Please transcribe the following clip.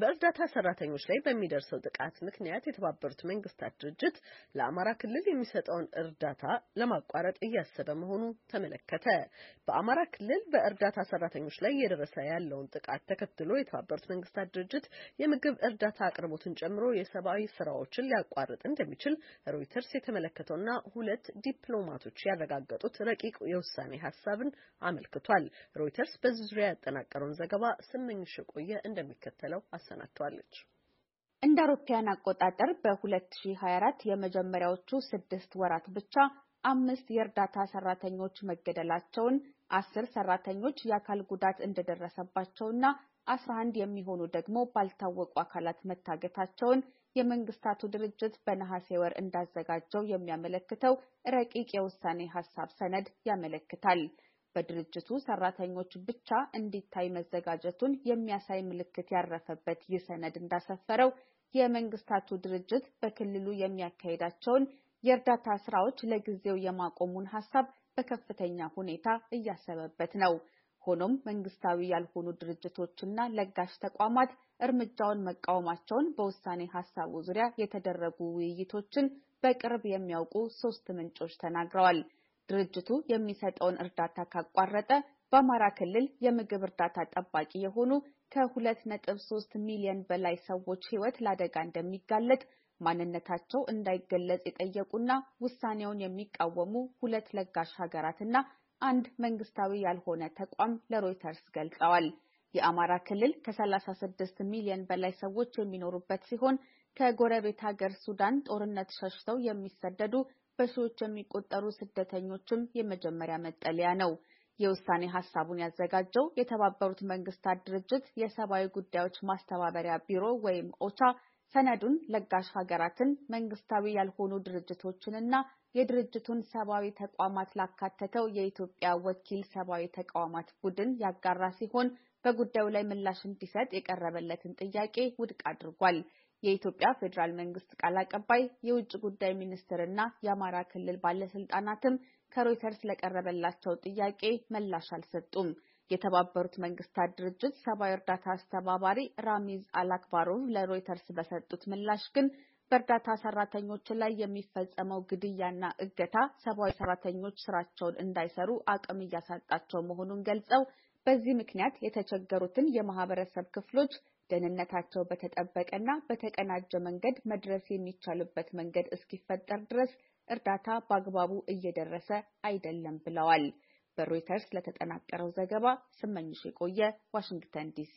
በእርዳታ ሰራተኞች ላይ በሚደርሰው ጥቃት ምክንያት የተባበሩት መንግስታት ድርጅት ለአማራ ክልል የሚሰጠውን እርዳታ ለማቋረጥ እያሰበ መሆኑ ተመለከተ። በአማራ ክልል በእርዳታ ሰራተኞች ላይ እየደረሰ ያለውን ጥቃት ተከትሎ የተባበሩት መንግስታት ድርጅት የምግብ እርዳታ አቅርቦትን ጨምሮ የሰብአዊ ስራዎችን ሊያቋርጥ እንደሚችል ሮይተርስ የተመለከተውና ሁለት ዲፕሎማቶች ያረጋገጡት ረቂቅ የውሳኔ ሀሳብን አመልክቷል። ሮይተርስ በዚህ ዙሪያ ያጠናቀረውን ዘገባ ስመኝሽ ቆየ እንደሚከተለው አሰናድተዋለች። እንደ አውሮፓውያን አቆጣጠር በ2024 የመጀመሪያዎቹ ስድስት ወራት ብቻ አምስት የእርዳታ ሰራተኞች መገደላቸውን፣ አስር ሰራተኞች የአካል ጉዳት እንደደረሰባቸውና 11 የሚሆኑ ደግሞ ባልታወቁ አካላት መታገታቸውን የመንግስታቱ ድርጅት በነሐሴ ወር እንዳዘጋጀው የሚያመለክተው ረቂቅ የውሳኔ ሀሳብ ሰነድ ያመለክታል። በድርጅቱ ሰራተኞች ብቻ እንዲታይ መዘጋጀቱን የሚያሳይ ምልክት ያረፈበት ይህ ሰነድ እንዳሰፈረው የመንግስታቱ ድርጅት በክልሉ የሚያካሄዳቸውን የእርዳታ ስራዎች ለጊዜው የማቆሙን ሀሳብ በከፍተኛ ሁኔታ እያሰበበት ነው። ሆኖም መንግስታዊ ያልሆኑ ድርጅቶችና ለጋሽ ተቋማት እርምጃውን መቃወማቸውን በውሳኔ ሀሳቡ ዙሪያ የተደረጉ ውይይቶችን በቅርብ የሚያውቁ ሶስት ምንጮች ተናግረዋል። ድርጅቱ የሚሰጠውን እርዳታ ካቋረጠ በአማራ ክልል የምግብ እርዳታ ጠባቂ የሆኑ ከ2.3 ሚሊዮን በላይ ሰዎች ሕይወት ለአደጋ እንደሚጋለጥ ማንነታቸው እንዳይገለጽ የጠየቁና ውሳኔውን የሚቃወሙ ሁለት ለጋሽ ሀገራትና አንድ መንግስታዊ ያልሆነ ተቋም ለሮይተርስ ገልጸዋል። የአማራ ክልል ከ36 ሚሊዮን በላይ ሰዎች የሚኖሩበት ሲሆን ከጎረቤት ሀገር ሱዳን ጦርነት ሸሽተው የሚሰደዱ በሺዎች የሚቆጠሩ ስደተኞችም የመጀመሪያ መጠለያ ነው። የውሳኔ ሀሳቡን ያዘጋጀው የተባበሩት መንግስታት ድርጅት የሰብአዊ ጉዳዮች ማስተባበሪያ ቢሮ ወይም ኦቻ ሰነዱን ለጋሽ ሀገራትን መንግስታዊ ያልሆኑ ድርጅቶችንና የድርጅቱን ሰብአዊ ተቋማት ላካተተው የኢትዮጵያ ወኪል ሰብአዊ ተቋማት ቡድን ያጋራ ሲሆን በጉዳዩ ላይ ምላሽ እንዲሰጥ የቀረበለትን ጥያቄ ውድቅ አድርጓል። የኢትዮጵያ ፌዴራል መንግስት ቃል አቀባይ የውጭ ጉዳይ ሚኒስትርና የአማራ ክልል ባለስልጣናትም ከሮይተርስ ለቀረበላቸው ጥያቄ ምላሽ አልሰጡም። የተባበሩት መንግስታት ድርጅት ሰብአዊ እርዳታ አስተባባሪ ራሚዝ አላክባሮቭ ለሮይተርስ በሰጡት ምላሽ ግን በእርዳታ ሰራተኞች ላይ የሚፈጸመው ግድያና እገታ ሰብአዊ ሰራተኞች ስራቸውን እንዳይሰሩ አቅም እያሳጣቸው መሆኑን ገልጸው በዚህ ምክንያት የተቸገሩትን የማህበረሰብ ክፍሎች ደህንነታቸው በተጠበቀና በተቀናጀ መንገድ መድረስ የሚቻልበት መንገድ እስኪፈጠር ድረስ እርዳታ በአግባቡ እየደረሰ አይደለም ብለዋል። በሮይተርስ ለተጠናቀረው ዘገባ ስመኝሽ የቆየ ዋሽንግተን ዲሲ